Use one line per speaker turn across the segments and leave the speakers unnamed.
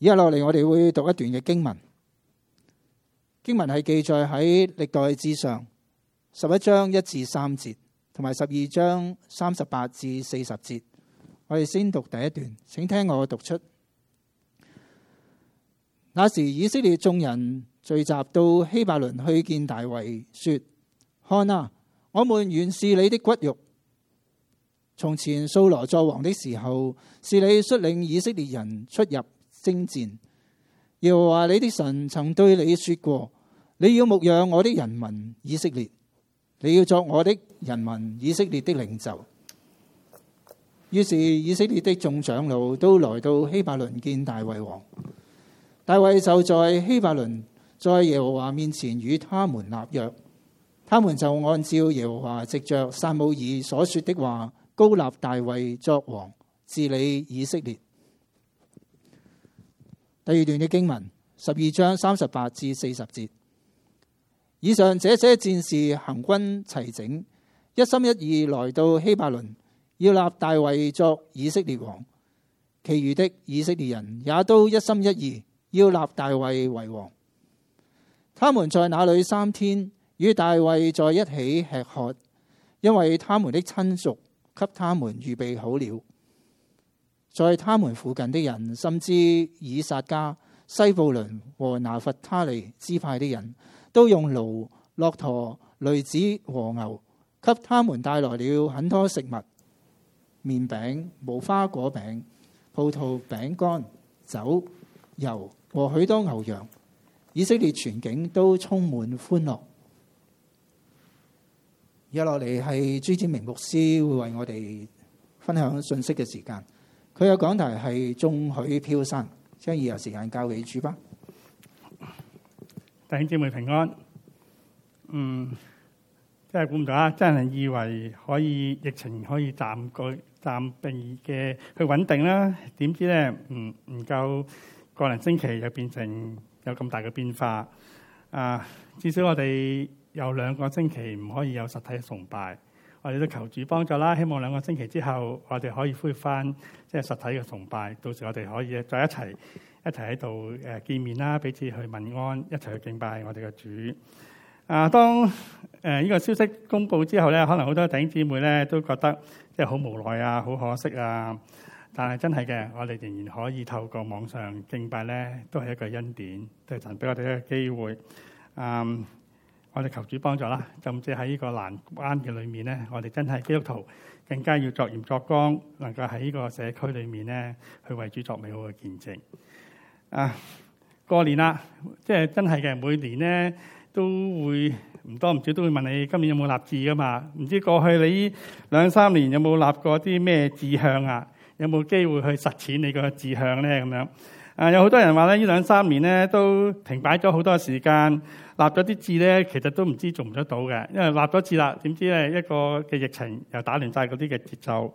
以下落嚟，我哋會讀一段嘅經文。經文係記載喺《歷代志》上十一章一至三節，同埋十二章三十八至四十節。我哋先讀第一段，請聽我讀出。那時以色列眾人聚集到希伯倫去見大衛，說：看啊，我們原是你的骨肉。從前掃羅作王的時候，是你率領以色列人出入。征戰，耶和華你的神曾對你說過：你要牧養我的人民以色列，你要作我的人民以色列的領袖。於是以色列的眾長老都來到希伯崙見大衛王，大衛就在希伯崙在耶和華面前與他們立約，他們就按照耶和華藉着撒母耳所說的話，高立大衛作王治理以色列。第二段嘅經文，十二章三十八至四十節。以上這些戰士行軍齊整，一心一意來到希伯倫，要立大衛作以色列王。其餘的以色列人也都一心一意要立大衛為王。他們在那裡三天與大衛在一起吃喝，因為他們的親屬給他們預備好了。在他們附近的人，甚至以薩迦、西布倫和拿弗他利支派的人都用驢、駱駝、騾子和牛，給他們帶來了很多食物：麵餅、無花果餅、葡萄餅乾、酒、油和許多牛羊。以色列全境都充滿歡樂。一落嚟係朱子明牧師會為我哋分享信息嘅時間。佢嘅講題係中許飄散，將二日時間交俾主賓。弟兄姐妹平安。
嗯，真係估唔到啊！真係以為可以疫情可以暫居暫避嘅，佢穩定啦。點知咧，唔唔夠個零星期就變成有咁大嘅變化。啊！至少我哋有兩個星期唔可以有實體的崇拜。我哋都求主幫助啦！希望兩個星期之後，我哋可以恢復返即係實體嘅崇拜。到時我哋可以再一齊一齊喺度誒見面啦，彼此去問安，一齊去敬拜我哋嘅主。啊，當誒呢、呃這個消息公佈之後咧，可能好多弟兄姊妹咧都覺得即係好無奈啊，好可惜啊。但係真係嘅，我哋仍然可以透過網上敬拜咧，都係一個恩典，都係贈俾我哋一個機會。嗯。我哋求主幫助啦，甚至喺呢個難關嘅裏面咧，我哋真係基督徒更加要作鹽作光，能夠喺呢個社區裏面咧，去為主作美好嘅見證。啊，過年啦，即係真係嘅，每年咧都會唔多唔少都會問你今年有冇立志噶嘛？唔知過去你兩三年有冇立過啲咩志向啊？有冇機會去實踐你個志向咧咁樣？啊！有好多人話咧，呢兩三年咧都停擺咗好多時間，立咗啲志咧，其實都唔知做唔得到嘅，因為立咗志啦，點知咧一個嘅疫情又打亂晒嗰啲嘅節奏。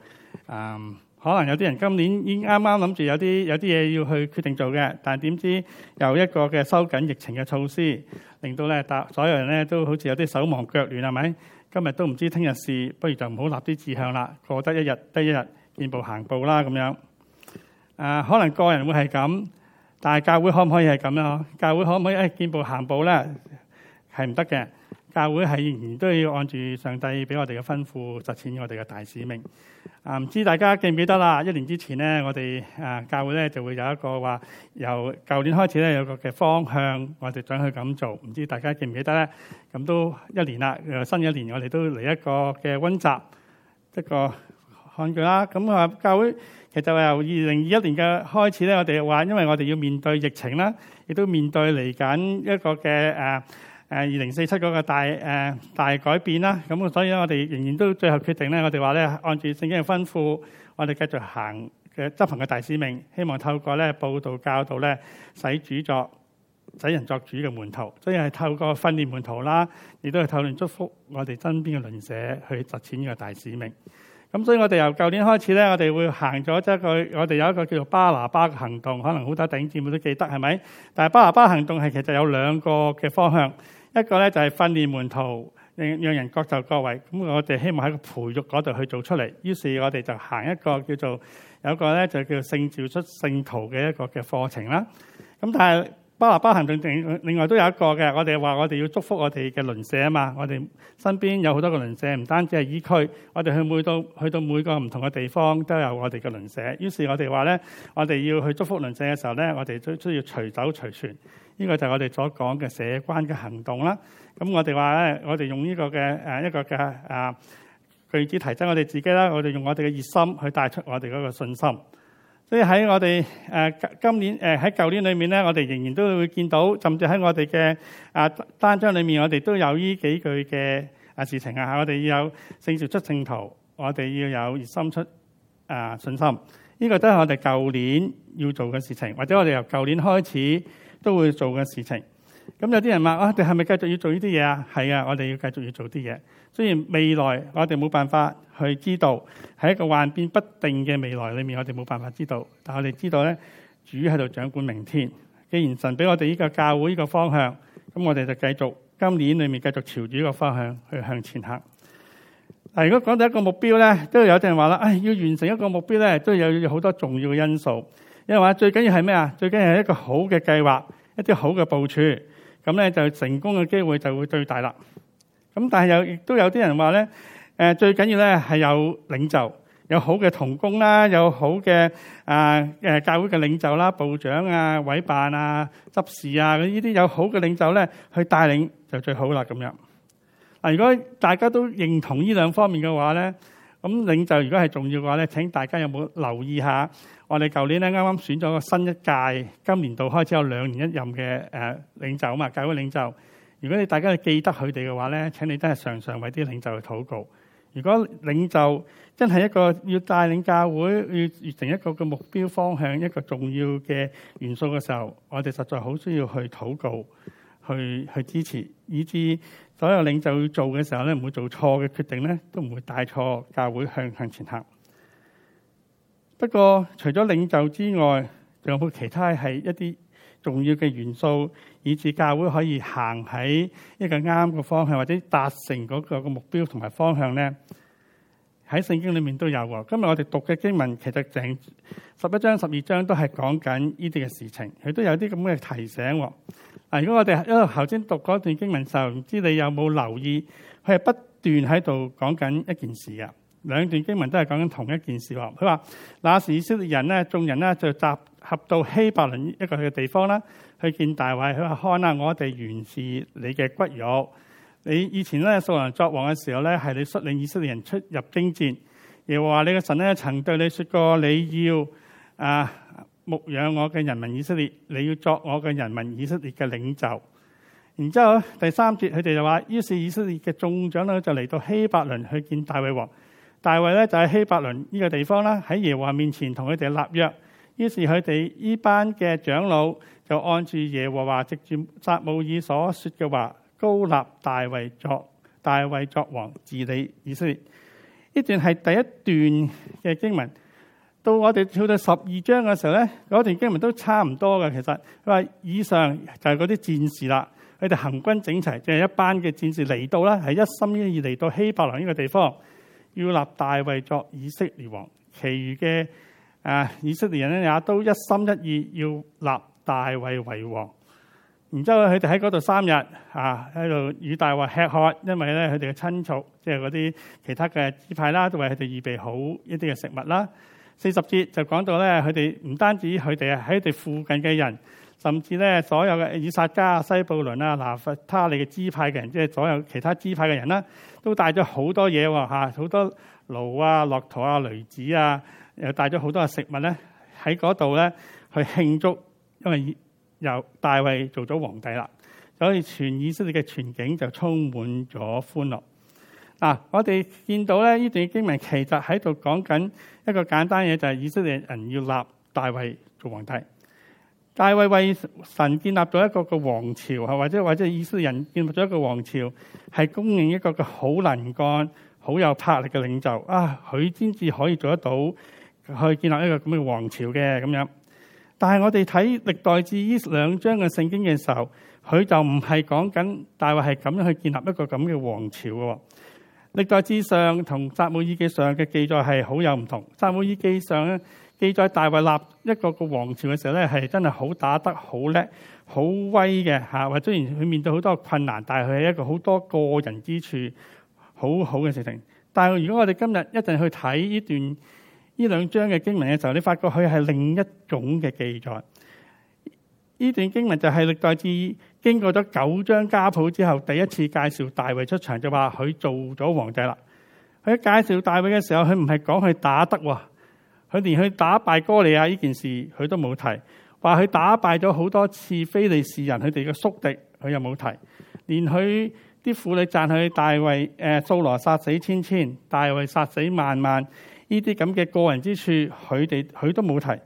嗯，可能有啲人今年已經啱啱諗住有啲有啲嘢要去決定做嘅，但係點知又一個嘅收緊疫情嘅措施，令到咧，大所有人咧都好似有啲手忙腳亂係咪？今日都唔知聽日事，不如就唔好立啲志向啦，過得一日得一日，見步行步啦咁樣。啊，可能個人會係咁。但係教會可唔可以係咁咧？教會可唔可以誒見、哎、步行步咧？係唔得嘅。教會係仍然都要按住上帝俾我哋嘅吩咐，實踐我哋嘅大使命。啊，唔知大家記唔記得啦？一年之前咧，我哋誒、啊、教會咧就會有一個話，由舊年開始咧有個嘅方向，我哋想去咁做。唔知大家記唔記得咧？咁都一年啦，誒新一年我哋都嚟一個嘅温習，一個看佢啦。咁啊，教會。其實由二零二一年嘅開始咧，我哋話因為我哋要面對疫情啦，亦都面對嚟緊一個嘅誒誒二零四七嗰個大誒大改變啦。咁所以咧，我哋仍然都最後決定咧，我哋話咧按住聖經嘅吩咐，我哋繼續行嘅執行嘅大使命，希望透過咧佈道教導咧，使主作使人作主嘅門徒，所以係透過訓練門徒啦，亦都係透過祝福我哋身邊嘅鄰舍去實踐呢個大使命。咁所以我哋由舊年開始咧，我哋會行咗即係一個，我哋有一個叫做巴拿巴嘅行動，可能好多弟兄姊妹都記得係咪？但係巴拿巴行動係其實有兩個嘅方向，一個咧就係訓練門徒，讓讓人各就各位。咁我哋希望喺個培育嗰度去做出嚟。於是，我哋就行一個叫做有一個咧就叫聖召出聖徒嘅一個嘅課程啦。咁但係，巴拿巴行政另另外都有一個嘅，我哋話我哋要祝福我哋嘅鄰舍啊嘛，我哋身邊有好多個鄰舍，唔單止係依區，我哋去每到去到每個唔同嘅地方都有我哋嘅鄰舍。於是我們說，我哋話咧，我哋要去祝福鄰舍嘅時候咧，我哋都需要隨走隨傳，呢、這個就係我哋所講嘅社關嘅行動啦。咁我哋話咧，我哋用呢個嘅誒一個嘅啊句子提振我哋自己啦，我哋用我哋嘅熱心去帶出我哋嗰個信心。所以喺我哋誒今年誒喺舊年裏面咧，我哋仍然都會見到，甚至喺我哋嘅啊單張裏面，我哋都有呢幾句嘅啊事情啊，我哋要有聖潔出正途，我哋要有熱心出啊信心，呢個都係我哋舊年要做嘅事情，或者我哋由舊年開始都會做嘅事情。咁有啲人問，我哋係咪繼續要做呢啲嘢啊？係啊，我哋要繼續要做啲嘢。雖然未來我哋冇辦法去知道，喺一個幻變不定嘅未來裏面，我哋冇辦法知道。但係我哋知道咧，主喺度掌管明天。既然神俾我哋呢個教會呢個方向，咁我哋就繼續今年裏面繼續朝住呢個方向去向前行。嗱，如果講到一個目標咧，都有啲人話啦，唉、哎，要完成一個目標咧，都有好多重要嘅因素。因為話最緊要係咩啊？最緊要係一個好嘅計劃，一啲好嘅部署。咁咧就成功嘅機會就會最大啦。咁但係有亦都有啲人話咧，誒最緊要咧係有領袖，有好嘅同工啦，有好嘅啊誒教會嘅領袖啦、部長啊、委辦啊、執事啊，呢啲有好嘅領袖咧去帶領就最好啦。咁樣嗱，如果大家都認同呢兩方面嘅話咧，咁領袖如果係重要嘅話咧，請大家有冇留意下？我哋舊年咧啱啱選咗個新一屆，今年度開始有兩年一任嘅誒領袖啊嘛，教會領袖。如果你大家係記得佢哋嘅話咧，請你都係常常為啲領袖去禱告。如果領袖真係一個要帶領教會，要完成一個嘅目標方向，一個重要嘅元素嘅時候，我哋實在好需要去禱告，去去支持，以至所有領袖要做嘅時候咧，唔會做錯嘅決定咧，都唔會帶錯教會向向前行。不過除咗領袖之外，仲有冇其他係一啲重要嘅元素，以致教會可以行喺一個啱嘅方向，或者達成嗰個嘅目標同埋方向咧？喺聖經裏面都有。今日我哋讀嘅經文，其實第十一章、十二章都係講緊呢啲嘅事情，佢都有啲咁嘅提醒。嗱，如果我哋喺頭先讀嗰段經文就唔知你有冇留意，佢係不斷喺度講緊一件事噶。兩段經文都係講緊同一件事。佢話：那時以色列人咧，眾人咧就集合到希伯倫一個嘅地方啦，去見大衛，佢話：看下、啊、我哋原是你嘅骨肉。你以前咧掃羅作王嘅時候咧，係你率領以色列人出入征戰。又話：你嘅神咧曾對你説過，你要啊牧養我嘅人民以色列，你要作我嘅人民以色列嘅領袖。然之後第三節佢哋就話：於是以色列嘅眾長咧就嚟到希伯倫去見大衛王。大衛咧就喺希伯倫呢個地方啦，喺耶和華面前同佢哋立約。於是佢哋呢班嘅長老就按住耶和華藉住撒母耳所說嘅話，高立大衛作大衛作王治理以色列。呢段係第一段嘅經文。到我哋跳到十二章嘅時候咧，嗰段經文都差唔多嘅。其實佢話以上就係嗰啲戰士啦，佢哋行軍整齊，就係一班嘅戰士嚟到啦，係一心一意嚟到希伯倫呢個地方，要立大衛作以色列王，其餘嘅誒以色列人咧也都一心一意要立大衛為王。然之後佢哋喺嗰度三日啊，喺度與大衛吃喝，因為咧佢哋嘅親族，即係嗰啲其他嘅支派啦，都為佢哋預備好一啲嘅食物啦。四十節就講到咧，佢哋唔單止佢哋喺佢哋附近嘅人。甚至咧，所有嘅以撒迦西布倫啊，拿弗他利嘅支派嘅人，即係所有其他支派嘅人啦，都帶咗好多嘢喎嚇，好多牛啊、駱駝啊、驢子啊，又帶咗好多嘅食物咧，喺嗰度咧去慶祝，因為由大衛做咗皇帝啦，所以全以色列嘅全景就充滿咗歡樂。嗱、啊，我哋見到咧呢段經文，其實喺度講緊一個簡單嘢，就係、是、以色列人要立大衛做皇帝。大衛為神建立咗一個嘅王朝，或者或者以色列人建立咗一個王朝，係公認一個嘅好能幹、好有魄力嘅領袖啊！佢先至可以做得到去建立一個咁嘅王朝嘅咁樣。但係我哋睇歷代志呢兩章嘅聖經嘅時候，佢就唔係講緊大衛係咁樣去建立一個咁嘅王朝嘅。歷代志上同撒母耳記上嘅記載係好有唔同。撒母耳記上咧。記載大衛立一個個王朝嘅時候咧，係真係好打得好叻、好威嘅吓。或雖然佢面對好多困難，但係佢係一個好多個人之處好好嘅事情。但係如果我哋今日一陣去睇呢段呢兩章嘅經文嘅時候，你發覺佢係另一種嘅記載。呢段經文就係歷代志經過咗九章家譜之後，第一次介紹大衛出場，就話佢做咗皇帝啦。佢介紹大衛嘅時候，佢唔係講佢打得。佢連佢打敗哥利亞呢件事佢都冇提，話佢打敗咗好多次非利士人佢哋嘅宿敵佢又冇提，連佢啲婦女讚佢大衛誒掃羅殺死千千，大衛殺死萬萬，呢啲咁嘅個人之處佢哋佢都冇提。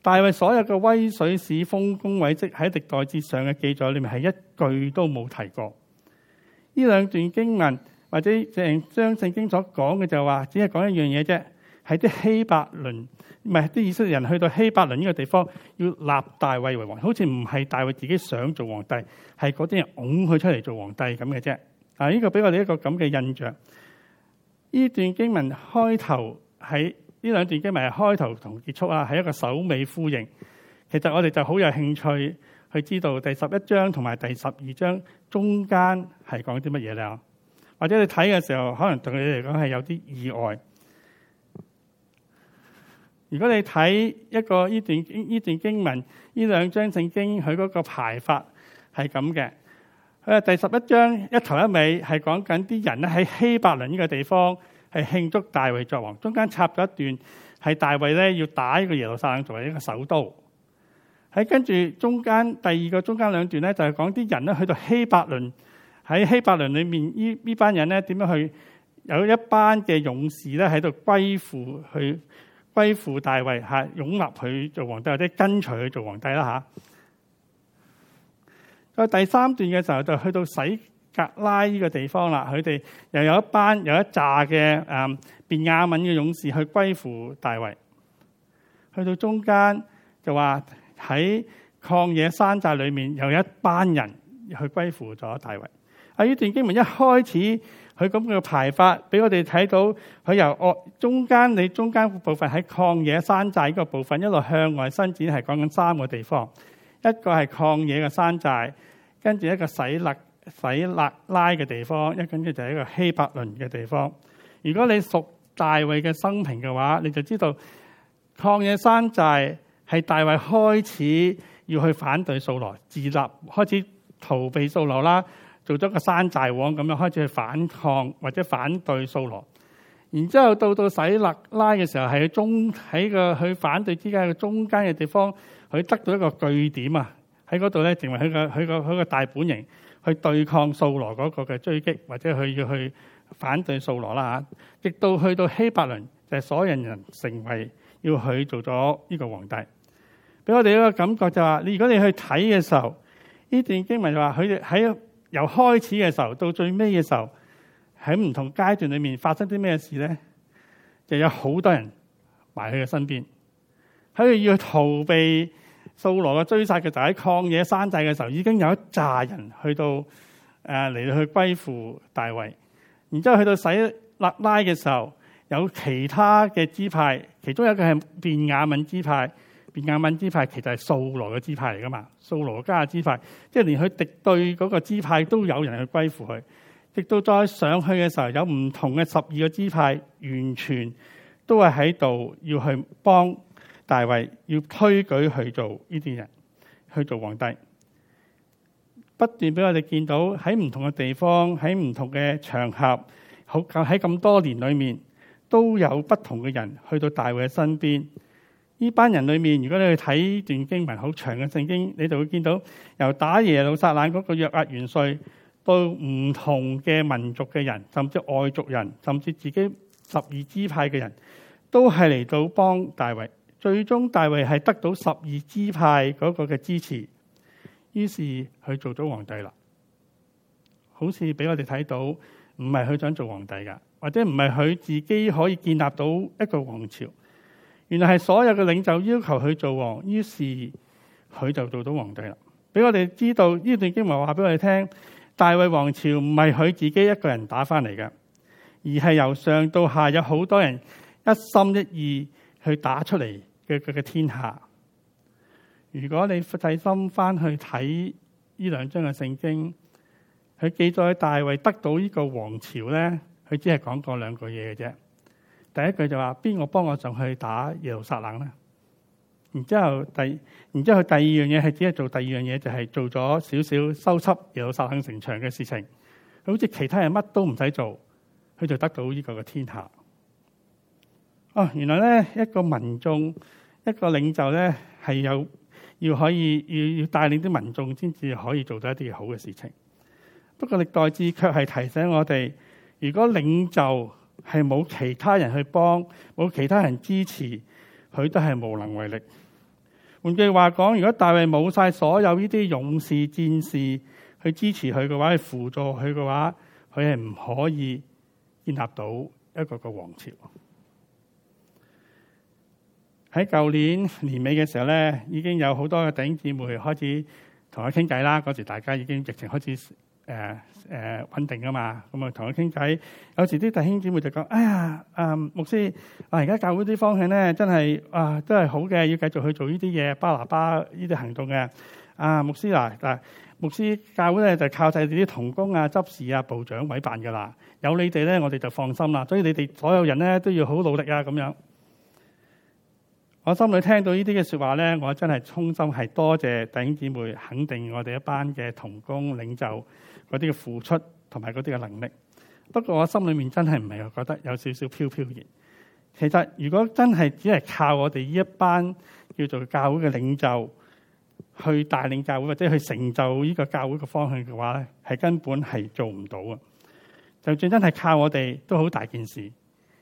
大衛所有嘅威水史、豐功偉績喺歷代志上嘅記載裏面係一句都冇提過。呢兩段經文或者成章聖經所講嘅就話，只係講一樣嘢啫。喺啲希伯倫，唔係，啲以色列人去到希伯倫呢個地方，要立大衛為王，好似唔係大衛自己想做皇帝，係嗰啲人拱佢出嚟做皇帝咁嘅啫。嗱，呢個俾我哋一個咁嘅印象。呢段經文開頭，喺呢兩段經文嘅開頭同結束啊，係一個首尾呼應。其實我哋就好有興趣去知道第十一章同埋第十二章中間係講啲乜嘢咧？或者你睇嘅時候，可能對你嚟講係有啲意外。如果你睇一個呢段經呢段經文，呢兩章聖經佢嗰個排法係咁嘅。佢話第十一章一頭一尾係講緊啲人咧，喺希伯倫呢個地方係慶祝大衛作王，中間插咗一段係大衛咧，要打呢個耶路撒冷作為一個首都。喺跟住中間第二個中間兩段咧，就係講啲人咧，去到希伯倫喺希伯倫裏面呢呢班人咧，點樣去有一班嘅勇士咧喺度歸附去，歸附大衛吓，擁立佢做皇帝或者跟隨佢做皇帝啦吓。到第三段嘅時候就去到洗格拉呢個地方啦，佢哋又有一班有一扎嘅誒便雅憫嘅勇士去歸附大衛。去到中間就話喺曠野山寨裏面又有一班人去歸附咗大衛。喺呢段經文一開始。佢咁嘅排法，俾我哋睇到佢由外中間，你中間部分喺曠野山寨個部分一路向外伸展，係講緊三個地方：一個係曠野嘅山寨，跟住一個洗勒洗勒拉嘅地方，一跟住就係一個希伯倫嘅地方。如果你熟大衛嘅生平嘅話，你就知道曠野山寨係大衛開始要去反對掃羅，自立開始逃避掃羅啦。做咗個山寨王咁樣開始去反抗或者反對掃羅，然之後到到洗勒拉嘅時候，係中喺個佢反對之間嘅中間嘅地方，佢得到一個據點啊，喺嗰度咧成為佢個佢個佢個大本營，去對抗掃羅嗰個嘅追擊或者佢要去反對掃羅啦吓，直到去到希伯崙就係所有人，人成為要佢做咗呢個皇帝，俾我哋一個感覺就話，你如果你去睇嘅時候，呢段經文話佢哋喺。由開始嘅時候到最尾嘅時候，喺唔同階段裏面發生啲咩事咧？就有好多人埋喺佢身邊。喺佢要逃避掃羅嘅追殺嘅就喺曠野山寨嘅時候已經有一紮人去到誒嚟、啊、去歸附大衛。然之後去到洗勒拉嘅時候，有其他嘅支派，其中一個係便雅憫支派。便雅憫支派其實係掃羅嘅支派嚟噶嘛？掃羅家嘅支派，即係連佢敵對嗰個支派都有人去歸附佢。直到再上去嘅時候，有唔同嘅十二個支派，完全都係喺度要去幫大衛，要推舉去做呢啲人去做皇帝。不斷俾我哋見到喺唔同嘅地方，喺唔同嘅場合，好喺咁多年裏面，都有不同嘅人去到大衛嘅身邊。呢班人裏面，如果你去睇段經文好長嘅聖經，你就會見到由打耶路撒冷嗰個約押元帥，到唔同嘅民族嘅人，甚至外族人，甚至自己十二支派嘅人，都係嚟到幫大衛。最終大衛係得到十二支派嗰個嘅支持，於是佢做咗皇帝啦。好似俾我哋睇到，唔係佢想做皇帝噶，或者唔係佢自己可以建立到一個王朝。原來係所有嘅領袖要求佢做王，於是佢就做到皇帝啦。俾我哋知道呢段經文話俾我哋聽，大衛王朝唔係佢自己一個人打翻嚟嘅，而係由上到下有好多人一心一意去打出嚟嘅佢嘅天下。如果你細心翻去睇呢兩章嘅聖經，佢記載大衛得到呢個王朝咧，佢只係講過兩句嘢嘅啫。第一句就話邊個幫我上去打耶路撒冷咧？然之後第，然之後第二樣嘢係只係做第二樣嘢，就係、是、做咗少少修葺耶路撒冷城牆嘅事情。好似其他人乜都唔使做，佢就得到呢個嘅天下。啊、哦，原來咧一個民眾一個領袖咧係有要可以要要帶領啲民眾先至可以做到一啲好嘅事情。不過歷代志卻係提醒我哋，如果領袖，係冇其他人去幫，冇其他人支持，佢都係無能為力。換句話講，如果大衛冇晒所有呢啲勇士戰士去支持佢嘅話，去輔助佢嘅話，佢係唔可以建立到一個個王朝。喺舊年年尾嘅時候咧，已經有好多嘅弟兄姊妹開始同佢傾偈啦。嗰時大家已經疫情開始。誒、呃、誒、呃、穩定啊嘛，咁啊同佢傾偈。有時啲弟兄姊妹就講：哎呀，啊牧師，啊而家教會啲方向咧真係啊都係好嘅，要繼續去做呢啲嘢，巴拿巴呢啲行動嘅。啊牧師嗱，啊、牧師教會咧就靠晒你啲同工啊、執事啊、部長委辦㗎啦。有你哋咧，我哋就放心啦。所以你哋所有人咧都要好努力啊，咁樣。我心裏聽到呢啲嘅說話咧，我真係衷心係多謝弟兄姊妹肯定我哋一班嘅同工領袖嗰啲嘅付出同埋嗰啲嘅能力。不過我心裏面真係唔係覺得有少少飄飄然。其實如果真係只係靠我哋呢一班叫做教會嘅領袖去帶領教會或者去成就呢個教會嘅方向嘅話，係根本係做唔到啊！就算真係靠我哋，都好大件事，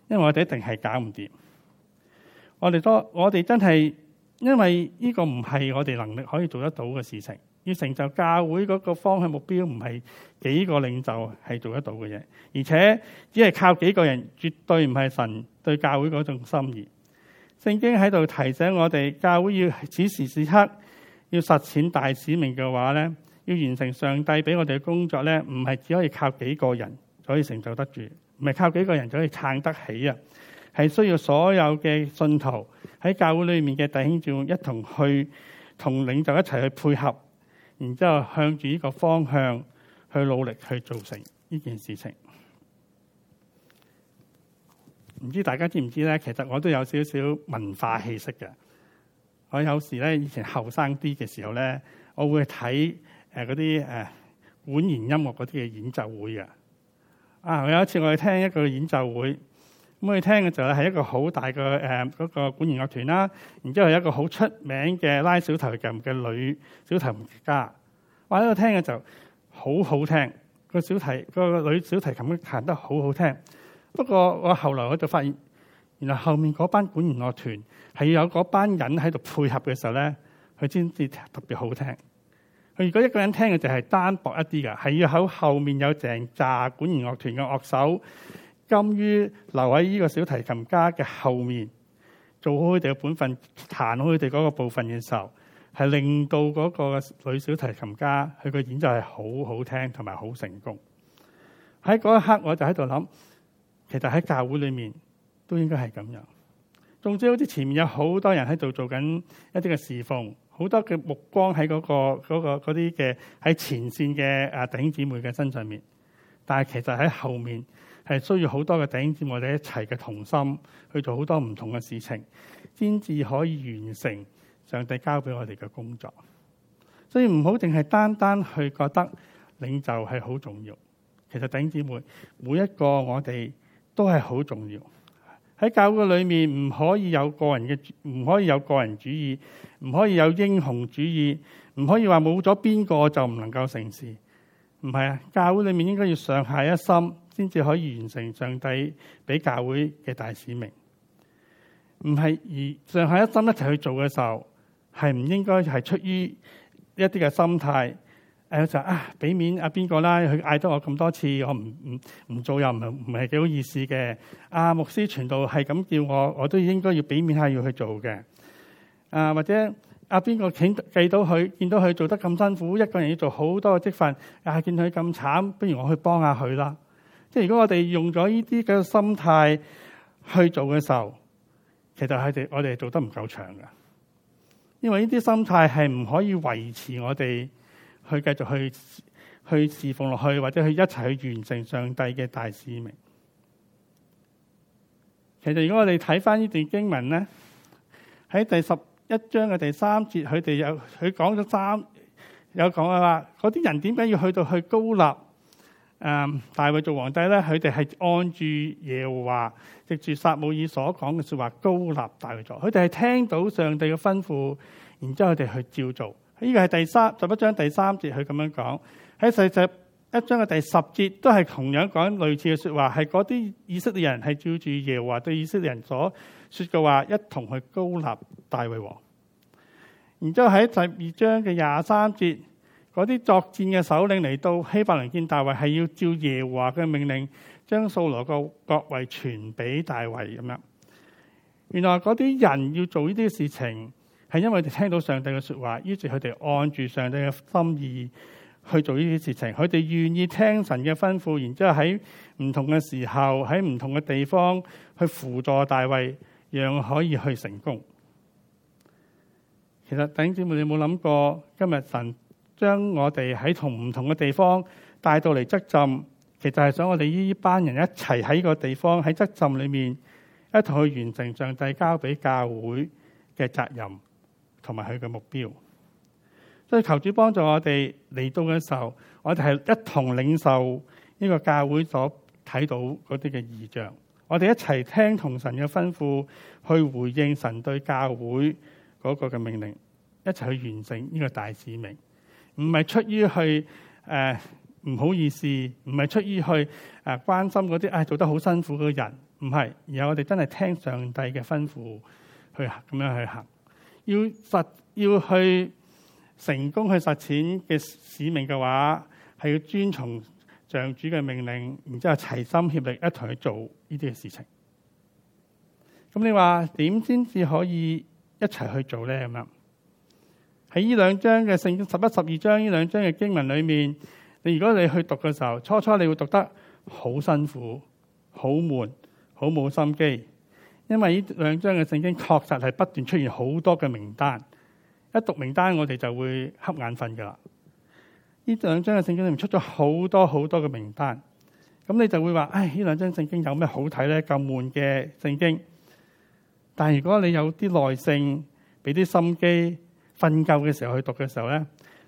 因為我哋一定係搞唔掂。我哋多，我哋真係因為呢個唔係我哋能力可以做得到嘅事情，要成就教會嗰個方向目標唔係幾個領袖係做得到嘅嘢，而且只係靠幾個人絕對唔係神對教會嗰種心意。聖經喺度提醒我哋，教會要此時此刻要實踐大使命嘅話咧，要完成上帝俾我哋嘅工作咧，唔係只可以靠幾個人就可以成就得住，唔係靠幾個人就可以撐得起啊！係需要所有嘅信徒喺教會裏面嘅弟兄姊妹一同去同領袖一齊去配合，然之後向住呢個方向去努力去做成呢件事情。唔知大家知唔知咧？其實我都有少少文化氣息嘅。我有時咧以前後生啲嘅時候咧，我會睇誒嗰啲誒管弦音樂嗰啲嘅演奏會嘅。啊，有一次我去聽一個演奏會。咁去聽嘅時候咧，係一個好大嘅誒嗰個管絃樂團啦，然之後係一個好出名嘅拉小提琴嘅女小提琴家。喺度聽嘅就好好聽，個小提個女小提琴彈得好好聽。不過我後來我就發現，原來後面嗰班管絃樂團係要有嗰班人喺度配合嘅時候咧，佢先至特別好聽。佢如果一個人聽嘅就係單薄一啲㗎，係要喺後面有成紮管絃樂團嘅樂手。甘於留喺呢個小提琴家嘅後面，做好佢哋嘅本分，彈好佢哋嗰個部分嘅時候，係令到嗰個女小提琴家佢嘅演奏係好好聽，同埋好成功。喺嗰一刻，我就喺度諗，其實喺教會裏面都應該係咁樣。總之，好似前面有好多人喺度做緊一啲嘅侍奉，好多嘅目光喺嗰個嗰個嗰啲嘅喺前線嘅啊弟兄姊妹嘅身上面，但係其實喺後面。係需要好多嘅弟兄姊妹，我哋一齊嘅同心去做好多唔同嘅事情，先至可以完成上帝交俾我哋嘅工作。所以唔好淨係單單去覺得領袖係好重要。其實弟兄姊妹每一個我哋都係好重要喺教會裏面，唔可以有個人嘅，唔可以有個人主義，唔可以有英雄主義，唔可以話冇咗邊個就唔能夠成事。唔係啊，教會裏面應該要上下一心。先至可以完成上帝俾教會嘅大使命，唔係而上下一心一齊去做嘅時候，係唔應該係出於一啲嘅心態誒，就是、啊俾面阿邊、啊、個啦，佢嗌咗我咁多次，我唔唔唔做又唔唔係幾好意思嘅。阿、啊、牧師傳道係咁叫我，我都應該要俾面，下要去做嘅。啊，或者阿邊、啊、個請計到佢見到佢做得咁辛苦，一個人要做好多嘅職份，又、啊、係見佢咁慘，不如我去幫下佢啦。即係如果我哋用咗呢啲嘅心態去做嘅時候，其實佢哋我哋做得唔夠長噶，因為呢啲心態係唔可以維持我哋去繼續去去侍奉落去，或者去一齊去完成上帝嘅大使命。其實如果我哋睇翻呢段經文咧，喺第十一章嘅第三節，佢哋有佢講咗三有講啊，話嗰啲人點解要去到去高立？誒、um，大衛做皇帝咧，佢哋係按住耶和華，藉住撒母耳所講嘅說話高立大衛做。佢哋係聽到上帝嘅吩咐，然之後佢哋去照做。呢、這個係第三十一章第三節，佢咁樣講。喺第十一章嘅第十節都係同樣講類似嘅說話，係嗰啲以色列人係照住耶和華對以色列人所說嘅話一同去高立大衛王。然之後喺十二章嘅廿三節。嗰啲作戰嘅首領嚟到希伯崙見大衛，係要照耶和華嘅命令，將掃羅個國位傳俾大衛咁樣。原來嗰啲人要做呢啲事情，係因為佢哋聽到上帝嘅說話，於是佢哋按住上帝嘅心意去做呢啲事情。佢哋願意聽神嘅吩咐，然之後喺唔同嘅時候，喺唔同嘅地方去輔助大衛，讓可以去成功。其實弟兄姐妹，你有冇諗過今日神？將我哋喺同唔同嘅地方帶到嚟，質浸其實係想我哋呢班人一齊喺個地方喺質浸裏面一同去完成上帝交俾教會嘅責任同埋佢嘅目標。所以求主幫助我哋嚟到嘅時候，我哋係一同領受呢個教會所睇到嗰啲嘅異象，我哋一齊聽同神嘅吩咐，去回應神對教會嗰個嘅命令，一齊去完成呢個大使命。唔係出於去誒呃，唔好意思，唔係出於去誒關心嗰啲，唉、哎、做得好辛苦嘅人，唔係，而我哋真係聽上帝嘅吩咐去行。咁樣去行。要實要去成功去實踐嘅使命嘅話，係要遵從上主嘅命令，然之後齊心協力一同去，去做呢啲嘅事情。咁你話點先至可以一齊去做咧？咁樣？喺呢兩章嘅聖經十一、十二章呢兩章嘅經文裏面，你如果你去讀嘅時候，初初你會讀得好辛苦、好悶、好冇心機，因為呢兩章嘅聖經確實係不斷出現好多嘅名單。一讀名單，我哋就會瞌眼瞓㗎啦。呢兩章嘅聖經裏面出咗好多好多嘅名單，咁你就會話：唉、哎，呢兩章聖經有咩好睇呢？咁悶嘅聖經。但如果你有啲耐性，俾啲心機。瞓覺嘅時候去讀嘅時候咧，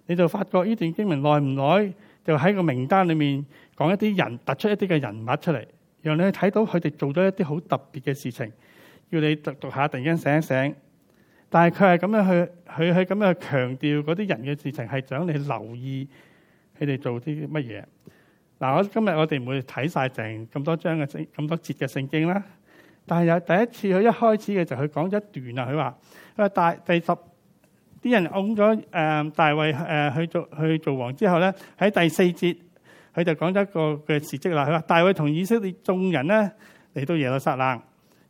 你就發覺呢段經文耐唔耐就喺個名單裡面講一啲人，突出一啲嘅人物出嚟，讓你去睇到佢哋做咗一啲好特別嘅事情，要你讀讀下，突然間醒一醒。但係佢係咁樣去，佢係咁樣強調嗰啲人嘅事情，係想你留意佢哋做啲乜嘢嗱。今天我今日我哋唔會睇晒成咁多章嘅聖咁多節嘅聖經啦，但係又第一次佢一開始嘅就去佢講一段啊。佢話佢話大第十。啲人拱咗誒大衛誒去做去做王之後咧，喺第四節佢就講咗一個嘅事蹟啦。佢話大衛同以色列眾人咧嚟到耶路撒冷，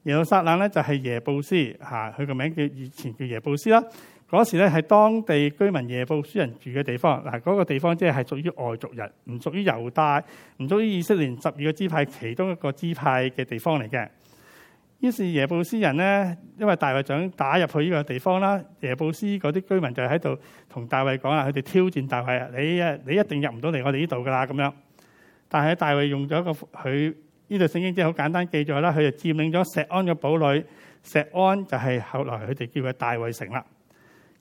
耶路撒冷咧就係耶布斯嚇，佢個名叫以前叫耶布斯啦。嗰時咧係當地居民耶布斯人住嘅地方。嗱，嗰個地方即係屬於外族人，唔屬於猶大，唔屬於以色列十二個支派其中一個支派嘅地方嚟嘅。於是耶布斯人咧，因為大衛長打入去呢個地方啦，耶布斯嗰啲居民就喺度同大衛講啊，佢哋挑戰大衛啊，你啊，你一定入唔到嚟我哋呢度㗎喇咁樣。但係大衛用咗一個佢呢度聖經即係好簡單記載啦，佢就佔領咗錫安嘅堡壘，錫安就係後來佢哋叫佢大衛城啦。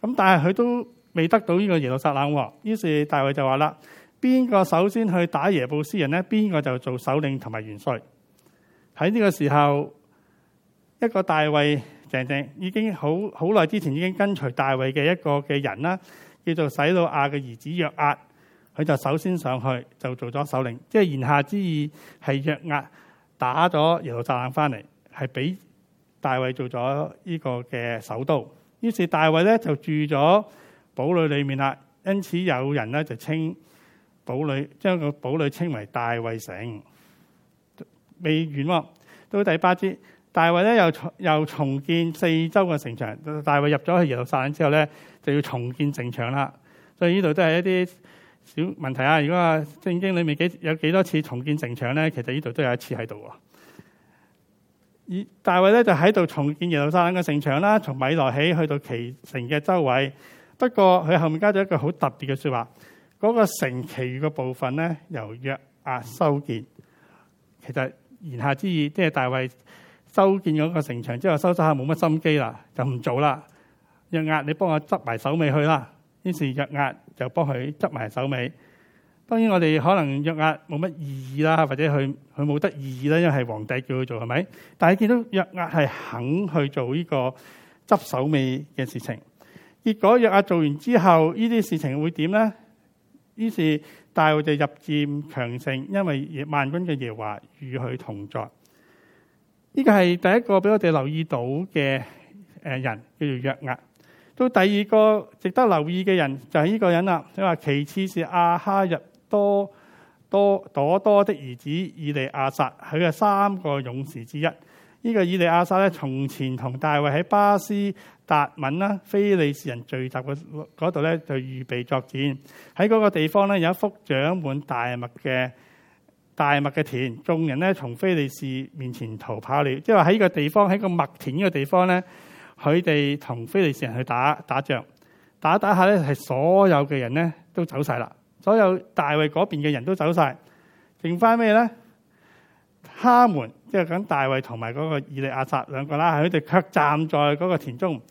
咁但係佢都未得到呢個耶路撒冷喎。於是大衛就話啦：邊個首先去打耶布斯人咧？邊個就做首領同埋元帥。喺呢個時候。一個大衛，正正已經好好耐之前已經跟隨大衛嘅一個嘅人啦，叫做洗魯亞嘅兒子約押，佢就首先上去就做咗首領，即係言下之意係約押打咗耶路撒冷翻嚟，係俾大衛做咗呢個嘅首都。於是大衛咧就住咗堡壘裡面啦，因此有人咧就稱堡壘將個堡壘稱為大衛城。未完喎，到第八節。大衛咧又又重建四周嘅城牆。大衛入咗去耶路撒冷之後咧，就要重建城牆啦。所以呢度都係一啲小問題啊。如果聖經裏面幾有幾多次重建城牆咧，其實呢度都有一次喺度。而大衛咧就喺度重建耶路撒冷嘅城牆啦，從米羅起去到其城嘅周圍。不過佢後面加咗一個好特別嘅說話，嗰、嗰個城其餘嘅部分咧由約押修建。其實言下之意，即、就、係、是、大衛。修建嗰個城牆之後，收拾下冇乜心機啦，就唔做啦。約押，你幫我執埋手尾去啦。於是約押就幫佢執埋手尾。當然我哋可能約押冇乜意義啦，或者佢佢冇得意義啦，因為係皇帝叫佢做係咪，但係見到約押係肯去做呢個執手尾嘅事情。結果約押做完之後，呢啲事情會點咧？於是大衛就入佔強盛，因為萬軍嘅耶和華與佢同在。呢、這個係第一個俾我哋留意到嘅誒人，叫做約押。到第二個值得留意嘅人就係、是、呢個人啦。佢話其次是阿哈日多多朵多，多的兒子以利亞撒，佢係三個勇士之一。呢、這個以利亞撒咧，從前同大衛喺巴斯達敏啦，非利士人聚集嗰度咧，就預備作戰。喺嗰個地方咧，有一幅長滿大麥嘅。大麥嘅田，眾人咧從非利士面前逃跑了。即係話喺呢個地方，喺個麥田呢個地方咧，佢哋同非利士人去打打仗打打下咧，係所有嘅人咧都走晒啦。所有大衛嗰邊嘅人都走晒。剩翻咩咧？他們即係咁，就是、大衛同埋嗰個以利亞撒兩個啦，佢哋卻站在嗰個田中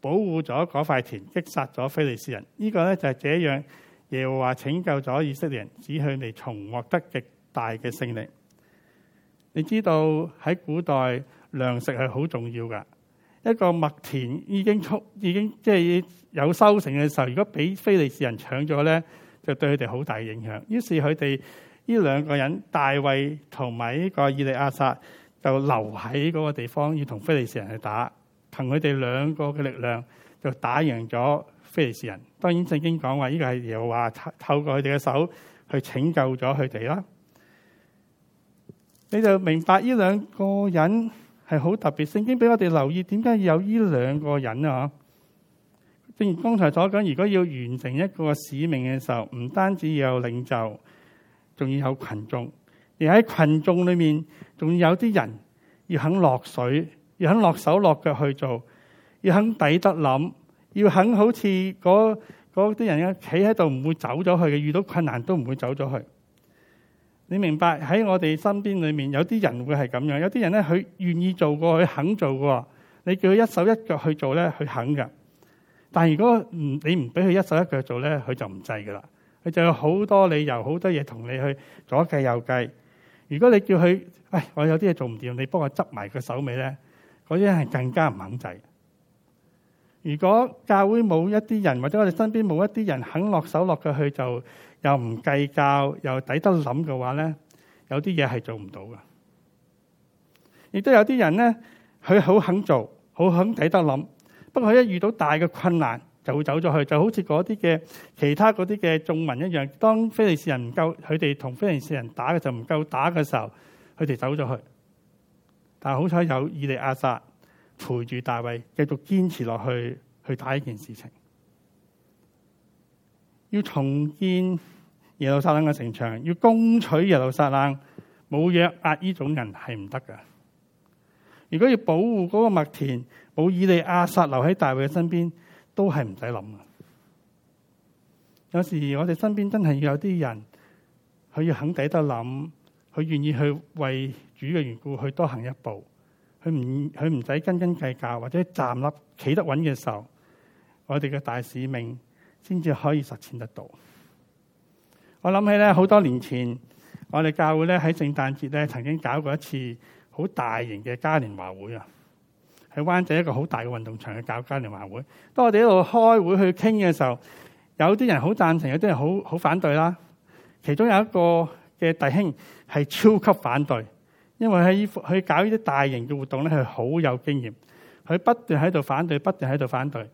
保護咗嗰塊田，擊殺咗非利士人。呢、這個咧就係這樣，耶和華拯救咗以色列人，使佢哋重獲得極大嘅勝利，你知道喺古代糧食係好重要噶。一個麥田已經出，已經即係有收成嘅時候，如果俾非利士人搶咗咧，就對佢哋好大影響。於是佢哋呢兩個人，大衛同埋呢個以利亞撒，就留喺嗰個地方要同非利士人去打，憑佢哋兩個嘅力量就打贏咗非利士人。當然聖經講話呢個係又話透過佢哋嘅手去拯救咗佢哋啦。你就明白呢兩個人係好特別，聖經俾我哋留意，點解有呢兩個人啊？正如剛才所講，如果要完成一個使命嘅時候，唔單止有領袖，仲要有群眾，而喺群眾裏面，仲要有啲人要肯落水，要肯落手落腳去做，要肯抵得諗，要肯好似嗰啲人一企喺度唔會走咗去嘅，遇到困難都唔會走咗去。你明白喺我哋身邊裏面有啲人會係咁樣，有啲人咧，佢願意做過，佢肯做過。你叫佢一手一腳去做咧，佢肯噶。但係如果唔你唔俾佢一手一腳做咧，佢就唔制噶啦。佢就有好多理由，好多嘢同你去左計右計。如果你叫佢，唉，我有啲嘢做唔掂，你幫我執埋個手尾咧，嗰啲係更加唔肯制。如果教會冇一啲人，或者我哋身邊冇一啲人肯落手落腳去做。又唔計較，又抵得諗嘅話咧，有啲嘢係做唔到嘅。亦都有啲人咧，佢好肯做，好肯抵得諗。不過佢一遇到大嘅困難，就會走咗去，就好似嗰啲嘅其他嗰啲嘅眾民一樣。當非利士人唔夠，佢哋同非利士人打嘅就唔夠打嘅時候，佢哋走咗去。但係好彩有以利亞撒陪住大衛，繼續堅持落去去打呢件事情。要重建耶路撒冷嘅城牆，要攻取耶路撒冷，冇約押呢種人係唔得㗎。如果要保護嗰個麥田，冇以利亞撒留喺大衛嘅身邊，都係唔使諗。有時我哋身邊真係要有啲人，佢要肯抵得諗，佢願意去為主嘅緣故去多行一步，佢唔佢唔使斤斤計較，或者站立企得穩嘅時候，我哋嘅大使命，先至可以實踐得到。我諗起咧，好多年前，我哋教會咧喺聖誕節咧曾經搞過一次好大型嘅嘉年華會啊，喺灣仔一個好大嘅運動場去搞嘉年華會。當我哋喺度開會去傾嘅時候，有啲人好贊成，有啲人好好反對啦。其中有一個嘅弟兄係超級反對，因為佢去搞呢啲大型嘅活動咧係好有經驗，佢不斷喺度反對，不斷喺度反對，反對，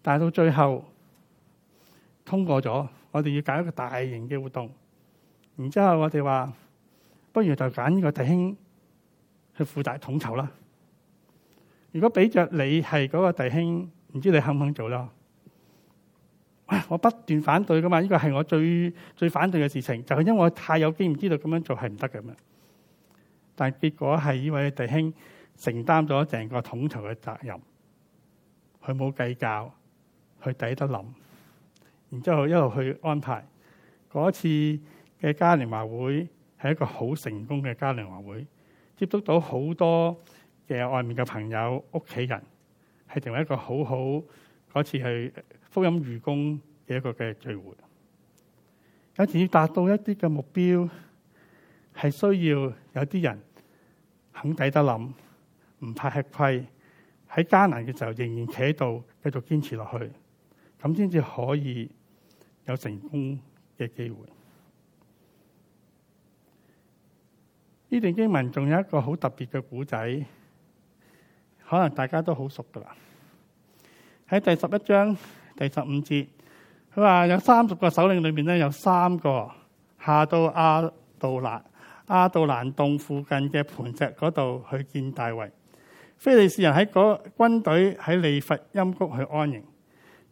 但係到最後。通過咗，我哋要搞一個大型嘅活動。然之後我哋話，不如就揀呢個弟兄去負責統籌啦。如果俾著你係嗰個弟兄，唔知你肯唔肯做啦？我不斷反對噶嘛，呢個係我最最反對嘅事情，就係因為我太有經驗，知道咁樣做係唔得嘅嘛。但係結果係呢位弟兄承擔咗成個統籌嘅責任，佢冇計較，佢抵得諗。然之後一路去安排嗰次嘅嘉年華會，係一個好成功嘅嘉年華會，接觸到好多嘅外面嘅朋友、屋企人，係成為一個很好好嗰次去福音預工嘅一個嘅聚會。有時要達到一啲嘅目標，係需要有啲人肯抵得諗，唔怕吃虧，喺艱難嘅時候仍然企喺度繼續堅持落去，咁先至可以。有成功嘅機會。呢段經文仲有一個好特別嘅古仔，可能大家都好熟噶啦。喺第十一章第十五節，佢話有三十個首領裏面咧，有三個下到亞杜蘭亞杜蘭洞附近嘅磐石嗰度去見大衛。非利士人喺嗰軍隊喺利佛陰谷去安營，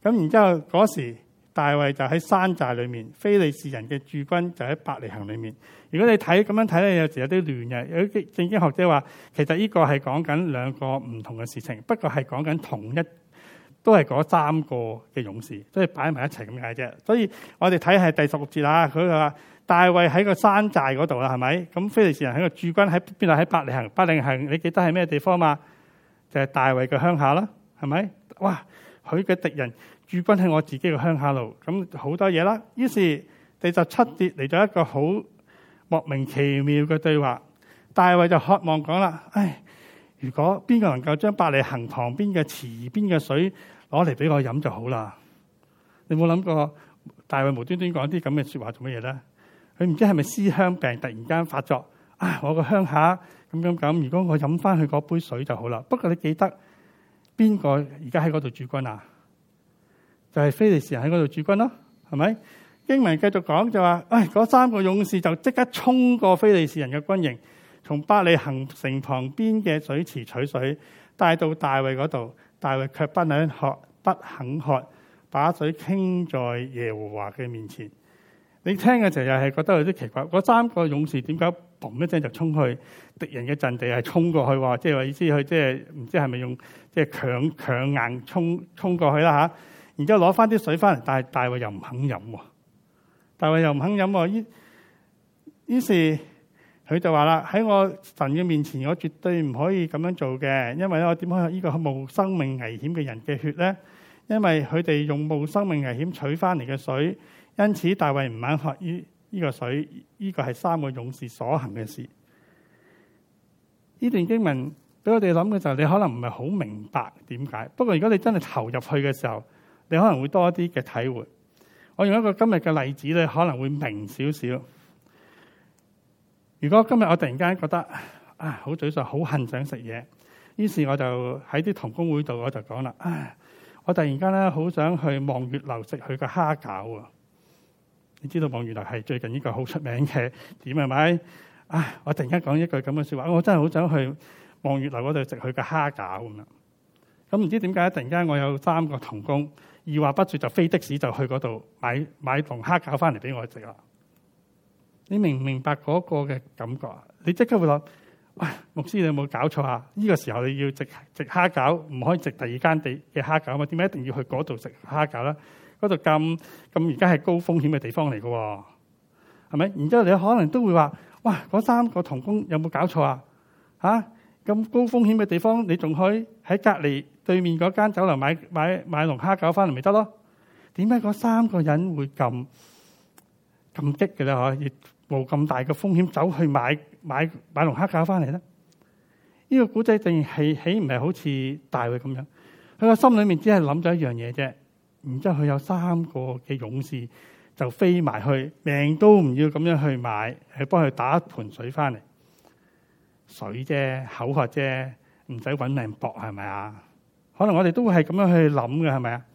咁然之後嗰時。大衛就喺山寨裏面，非利士人嘅駐軍就喺伯利恆裏面。如果你睇咁樣睇咧，有時有啲亂嘅。有啲正經學者話，其實呢個係講緊兩個唔同嘅事情，不過係講緊同一都係嗰三個嘅勇士，所以擺埋一齊咁解啫。所以我哋睇係第十六節啦，佢話大衛喺個山寨嗰度啦，係咪？咁非利士人喺個駐軍喺邊度？喺伯利恆。伯利恆，你記得係咩地方嘛？就係、是、大衛嘅鄉下啦，係咪？哇！佢嘅敵人。駐軍喺我自己嘅鄉下度，咁好多嘢啦。於是第十七節嚟咗一個好莫名其妙嘅對話。大衛就渴望講啦：唉，如果邊個能夠將伯利恆旁邊嘅池邊嘅水攞嚟俾我飲就好啦。你冇諗過大衛無端端講啲咁嘅説話做乜嘢咧？佢唔知係咪思鄉病突然間發作啊？我個鄉下咁咁咁，如果我飲翻去嗰杯水就好啦。不過你記得邊個而家喺嗰度駐軍啊？就係非利士人喺嗰度駐軍咯，係咪？經文繼續講就話，唉、哎，嗰三個勇士就即刻衝過非利士人嘅軍營，從伯利恆城旁邊嘅水池取水，帶到大衛嗰度。大衛卻不能喝，不肯喝，把水傾在耶和華嘅面前。你聽嘅時候又係覺得有啲奇怪，嗰三個勇士點解嘣一聲就衝去敵人嘅陣地係衝過去喎？即係話意思佢即係唔知係咪用即係強強硬衝衝過去啦嚇？然之後攞翻啲水翻嚟，但係大衛又唔肯飲，大衛又唔肯飲。於，於是佢就話啦：喺我神嘅面前，我絕對唔可以咁樣做嘅，因為咧我點可以呢個冇生命危險嘅人嘅血咧？因為佢哋用冇生命危險取翻嚟嘅水，因此大衛唔肯喝於呢個水。呢個係三個勇士所行嘅事。呢段經文俾我哋諗嘅就係你可能唔係好明白點解，不過如果你真係投入去嘅時候。你可能會多一啲嘅體會，我用一個今日嘅例子咧，可能會明少少。如果今日我突然間覺得啊好嘴碎、好恨、想食嘢，於是我就喺啲童工會度我就講啦，我突然間咧好想去望月樓食佢嘅蝦餃啊！你知道望月樓係最近呢個好出名嘅點係咪？啊！我突然間講一句咁嘅說話，我真係好想去望月樓嗰度食佢嘅蝦餃咁樣。咁唔知點解突然間我有三個童工。二話不絕就飛的士就去嗰度買買盤蝦餃翻嚟俾我食啦！你明唔明白嗰個嘅感覺啊？你即刻會諗：哇，牧師你有冇搞錯啊？呢個時候你要食食蝦餃，唔可以食第二間地嘅蝦餃啊嘛？點解一定要去嗰度食蝦餃咧？嗰度咁咁而家係高風險嘅地方嚟㗎喎，係咪？然之後你可能都會話：哇，嗰三個同工有冇搞錯啊？嚇！咁高風險嘅地方，你仲可以喺隔籬對面嗰間酒樓買買買龍蝦餃翻嚟咪得咯？點解嗰三個人會咁咁激嘅咧？嗬，亦冒咁大嘅風險走去買買買龍蝦餃翻嚟咧？呢個古仔正係起唔係好似大衛咁樣？佢個心裏面只係諗咗一樣嘢啫，然之後佢有三個嘅勇士就飛埋去，命都唔要咁樣去買，去幫佢打一盆水翻嚟。水啫，口渴啫，唔使搵命搏，係咪啊？可能我哋都會係咁樣去諗嘅係咪啊？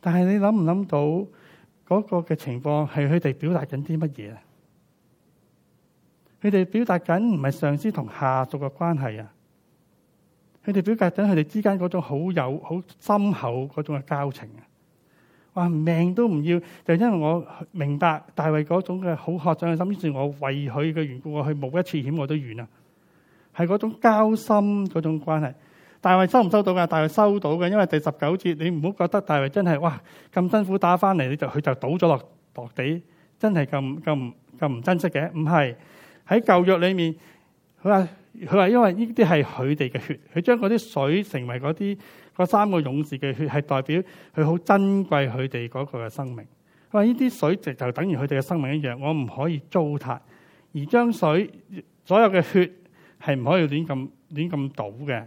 但係你諗唔諗到嗰個嘅情況係佢哋表達緊啲乜嘢啊？佢哋表達緊唔係上司同下屬嘅關係啊，佢哋表達緊佢哋之間嗰種好有好深厚嗰種嘅交情啊！哇！命都唔要，就因為我明白大衛嗰種嘅好渴想嘅心，於是我為佢嘅緣故，我去冒一次險我都完啊！係嗰種交心嗰種關係，大衛收唔收到㗎？大衛收到嘅，因為第十九節你唔好覺得大衛真係哇咁辛苦打返嚟，你就佢就倒咗落落地，真係咁咁咁唔珍惜嘅。唔係，喺舊約裏面，佢話佢話因為呢啲係佢哋嘅血，佢將嗰啲水成為嗰啲。嗰三個勇士嘅血係代表佢好珍貴，佢哋嗰個嘅生命。佢話：呢啲水直就等於佢哋嘅生命一樣，我唔可以糟蹋，而將水所有嘅血係唔可以亂咁亂咁倒嘅，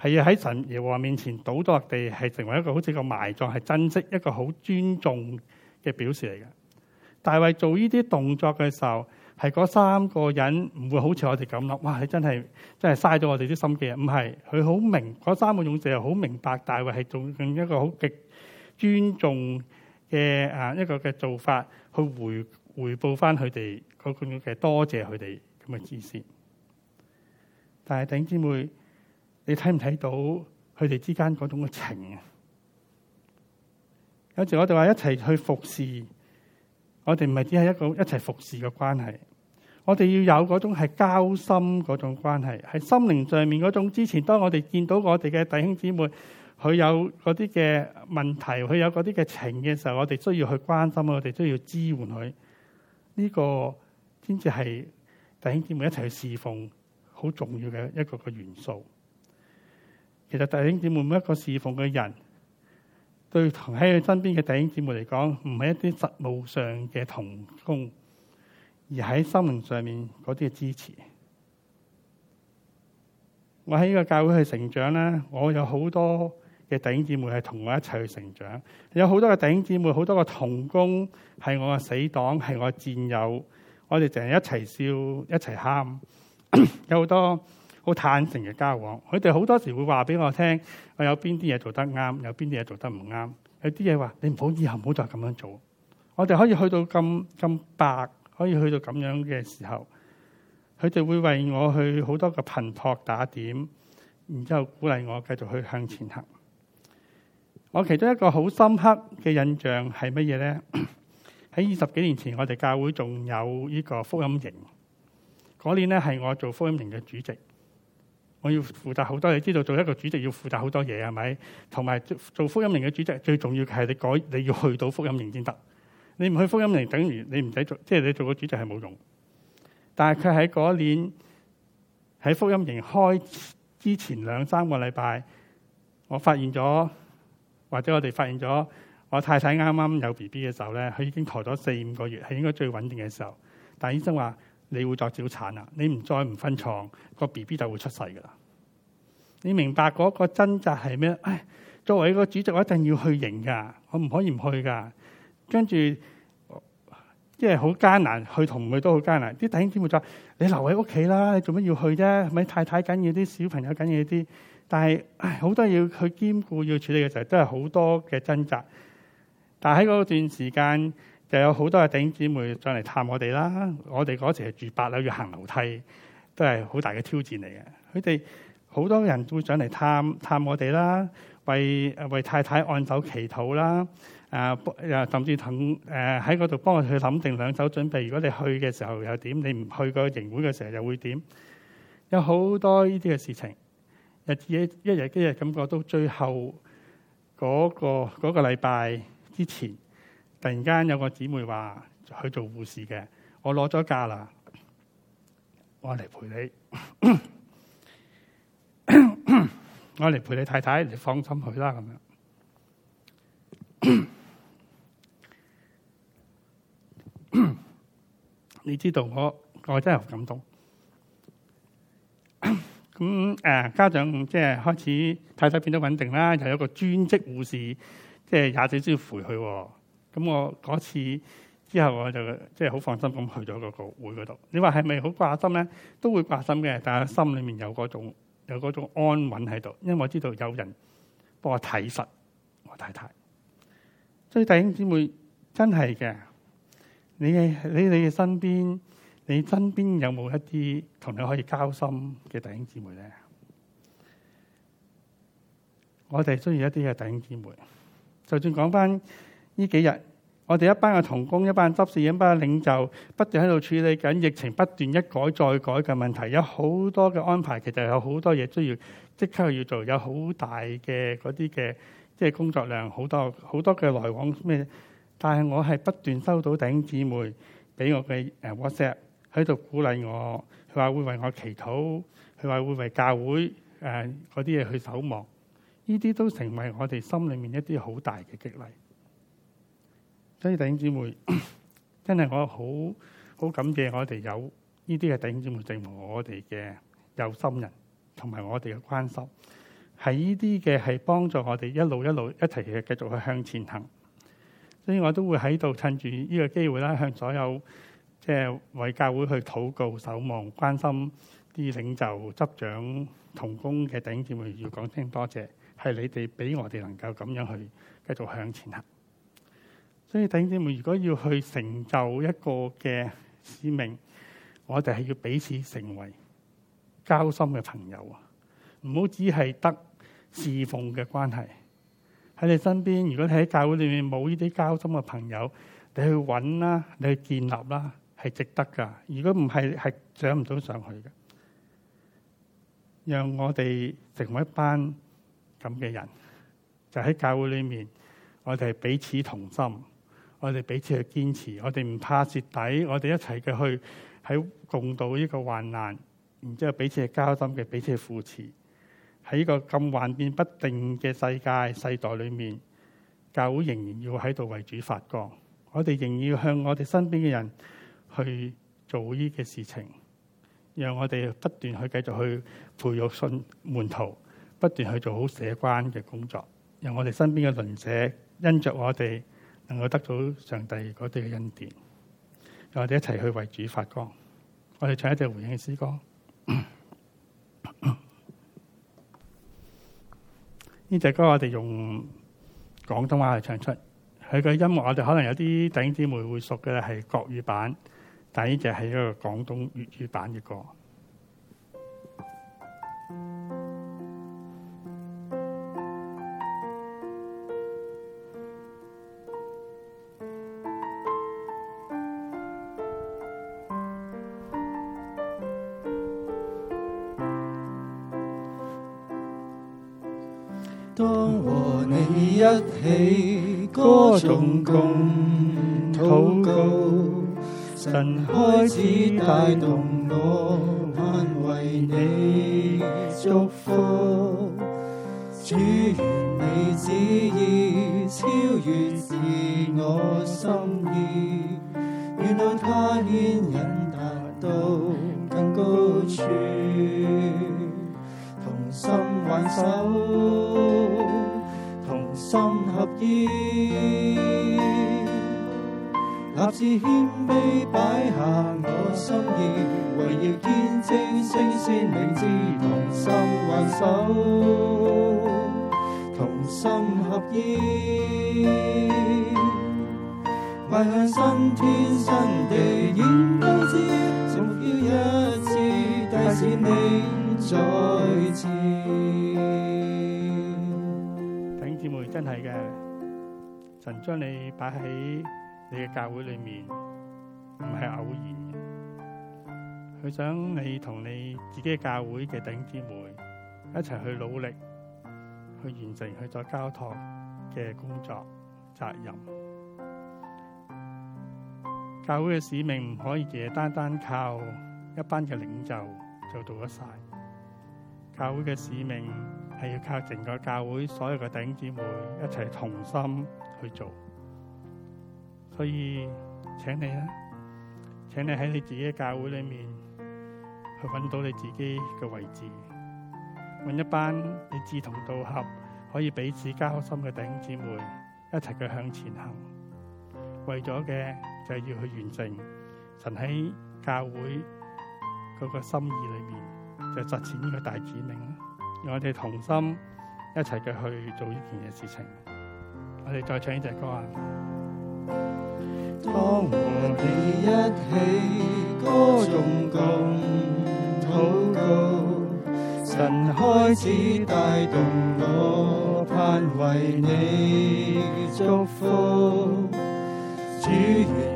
係要喺神耶和華面前倒咗落地，係成為一個好似個埋葬，係珍惜一個好尊重嘅表示嚟嘅。大衛做呢啲動作嘅時候。係嗰三個人唔會好似我哋咁諗，哇！真係真係嘥到我哋啲心機。啊！唔係，佢好明，嗰三個勇者又好明白，大衛係做一個好極尊重嘅啊一個嘅做法，去回回報翻佢哋嗰個嘅多謝佢哋咁嘅知識。但係頂姊妹，你睇唔睇到佢哋之間嗰種嘅情啊？有時我哋話一齊去服侍。我哋唔係只係一個一齊服侍嘅關係，我哋要有嗰種係交心嗰種關係，喺心靈上面嗰種。之前當我哋見到我哋嘅弟兄姊妹，佢有嗰啲嘅問題，佢有嗰啲嘅情嘅時候，我哋需要去關心，我哋需要支援佢，呢個先至係弟兄姊妹一齊去侍奉好重要嘅一個嘅元素。其實弟兄姊妹每一個侍奉嘅人。對喺佢身邊嘅弟兄姊妹嚟講，唔係一啲實務上嘅同工，而喺心靈上面嗰啲嘅支持。我喺呢個教會去成長咧，我有好多嘅弟兄姊妹係同我一齊去成長，有好多嘅弟兄姊妹，好多個同工係我嘅死黨，係我嘅戰友，我哋成日一齊笑，一齊喊， 有好多。好坦誠嘅交往，佢哋好多時會話俾我聽，我有邊啲嘢做得啱，有邊啲嘢做得唔啱，有啲嘢話你唔好以後唔好再咁樣做。我哋可以去到咁咁白，可以去到咁樣嘅時候，佢哋會為我去好多個頻撲打點，然之後鼓勵我繼續去向前行。我其中一個好深刻嘅印象係乜嘢咧？喺二十幾年前，我哋教會仲有呢個福音營，嗰年咧係我做福音營嘅主席。我要負責好多嘢，知道做一個主席要負責好多嘢係咪？同埋做福音營嘅主席最重要嘅係你改，你要去到福音營先得。你唔去福音營，等於你唔使做，即係你做個主席係冇用的。但係佢喺嗰年喺福音營開之前兩三個禮拜，我發現咗，或者我哋發現咗，我太太啱啱有 B B 嘅時候咧，佢已經陀咗四五個月，係應該最穩定嘅時候，但係醫生話。你會作少產啦！你唔再唔分牀，那個 B B 就會出世噶啦！你明白嗰個掙扎係咩、哎？作為一個主席，我一定要去迎噶，我唔可以唔去噶。跟住即係好艱難，去同唔去都好艱難。啲弟兄姊妹就話：你留喺屋企啦，你做乜要去啫？咪太太緊要啲，小朋友緊要啲。但係好、哎、多要去兼顧要處理嘅時候，都係好多嘅掙扎。但喺嗰段時間，就有好多阿頂姐妹上嚟探我哋啦，我哋嗰時係住八樓要行樓梯，都係好大嘅挑戰嚟嘅。佢哋好多人都會上嚟探探我哋啦，為為太太按手祈禱啦，啊、呃，甚至同誒喺嗰度幫我去諗定兩手準備。如果你去嘅時候又點？你唔去個營會嘅時候又會點？有好多呢啲嘅事情，日日一日一日咁過到最後嗰、嗰個嗰、嗰個禮拜之前。突然間有個姊妹話去做護士嘅，我攞咗假啦，我嚟陪你， 我嚟陪你太太，你放心佢啦咁樣。 你知道我我真係好感動。咁誒、 啊，家長即係開始太太變得穩定啦，就有一個專職護士，即係廿四朝要陪佢。咁我嗰次之後我就即係好放心咁去咗嗰個會嗰度。你話係咪好掛心咧？都會掛心嘅，但係心裡面有嗰種有嗰種安穩喺度，因為我知道有人幫我睇實我太太。所以弟兄姊妹真係嘅，你嘅你哋嘅身邊，你身邊有冇一啲同你可以交心嘅弟兄姊妹咧？我哋需要一啲嘅弟兄姊妹，就算講翻。呢幾日，我哋一班嘅同工、一班執事、一班領袖，不斷喺度處理緊疫情不斷一改再改嘅問題。有好多嘅安排，其實有好多嘢都要即刻要做，有好大嘅嗰啲嘅即係工作量，好多好多嘅來往咩？但係我係不斷收到弟兄姊妹俾我嘅誒 WhatsApp 喺度鼓勵我，佢話會為我祈禱，佢話會為教會誒嗰啲嘢去守望。呢啲都成為我哋心裡面一啲好大嘅激勵。所以弟兄姊妹，真係我好好感謝我哋有呢啲嘅弟兄姊妹，證明我哋嘅有心人同埋我哋嘅關心，喺呢啲嘅係幫助我哋一路一路一齊嘅繼續去向前行。所以我都會喺度趁住呢個機會啦，向所有即係為教會去禱告、守望、關心啲領袖、執掌同工嘅弟兄姊妹，要講聲多謝，係你哋俾我哋能夠咁樣去繼續向前行。所以弟兄姊妹，如果要去成就一個嘅使命，我哋係要彼此成為交心嘅朋友啊！唔好只係得侍奉嘅關係。喺你身邊，如果你喺教會裏面冇呢啲交心嘅朋友，你去搵啦，你去建立啦，係值得噶。如果唔係，係上唔到上去嘅。讓我哋成為一班咁嘅人，就喺教會裏面，我哋係彼此同心。我哋彼此去堅持，我哋唔怕蝕底，我哋一齊嘅去喺共度呢個患難，然之後彼此係交心嘅，彼此係扶持。喺呢個咁幻變不定嘅世界世代裏面，教會仍然要喺度為主發光，我哋仍然要向我哋身邊嘅人去做呢個事情，讓我哋不斷去繼續去培育信門徒，不斷去做好社關嘅工作，由我哋身邊嘅鄰舍因着我哋。能夠得到上帝嗰啲嘅恩典，我哋一齊去為主發光。我哋唱一隻回應詩歌。呢隻 歌我哋用廣東話去唱出，佢嘅音樂我哋可能有啲弟兄姊妹會熟嘅係國語版，但呢隻係一個廣東粵語版嘅歌。
你歌頌共禱告，神開始帶動我安慰你。再向新天新地演一，一次，
第頂姊妹，真係嘅，神將你擺喺你嘅教會裏面，唔係偶然。佢想你同你自己嘅教會嘅頂姊妹一齊去努力，去完成去做交託嘅工作責任。教會嘅使命唔可以淨係單單靠一班嘅領袖就做得晒。教會嘅使命係要靠整個教會所有嘅弟兄姊妹一齊同心去做。所以，請你啊，請你喺你自己嘅教會裏面去揾到你自己嘅位置，揾一班你志同道合、可以彼此交心嘅弟兄姊妹，一齊去向前行，為咗嘅。就係、是、要去完成神喺教會佢個心意裏面，就實踐呢個大使命，讓我哋同心一齊嘅去做呢件嘅事情。我哋再唱呢隻歌啊！當
我哋一起歌頌、共禱告，神開始帶動我，盼為你祝福，主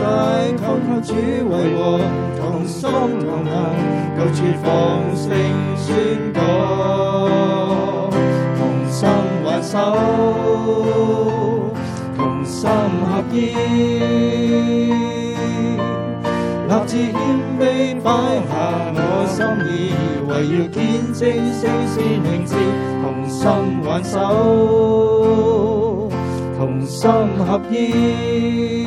但求求主為我，和同心同行，各處放聲宣講。同心挽手，同心合意，立志謙卑，擺下我心意，為要見證世事名字。同心挽手，同心合意。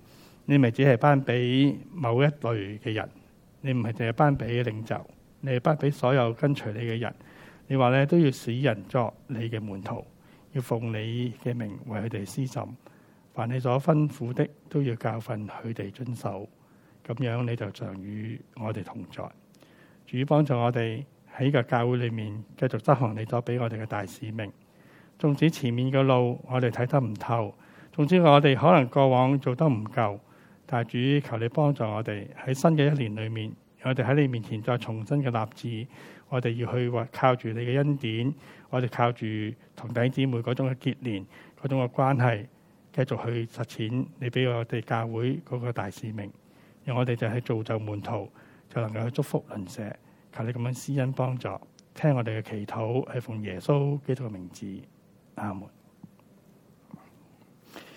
你咪只係頒俾某一類嘅人，你唔係淨係頒俾領袖，你係頒俾所有跟隨你嘅人。你話咧都要使人作你嘅門徒，要奉你嘅名為佢哋施浸，凡你所吩咐的都要教訓佢哋遵守。咁樣你就常與我哋同在，主幫助我哋喺個教會裏面繼續執行你所俾我哋嘅大使命。縱使前面嘅路我哋睇得唔透，總之我哋可能過往做得唔夠。大主，求你幫助我哋喺新嘅一年裏面，我哋喺你面前再重新嘅立志，我哋要去話靠住你嘅恩典，我哋靠住同弟兄姊妹嗰種嘅結連、嗰種嘅關係，繼續去實踐你俾我哋教會嗰個大使命，讓我哋就係造就門徒，就能夠去祝福鄰舍，求你咁樣施恩幫助，聽我哋嘅祈禱，係奉耶穌基督嘅名字，阿門。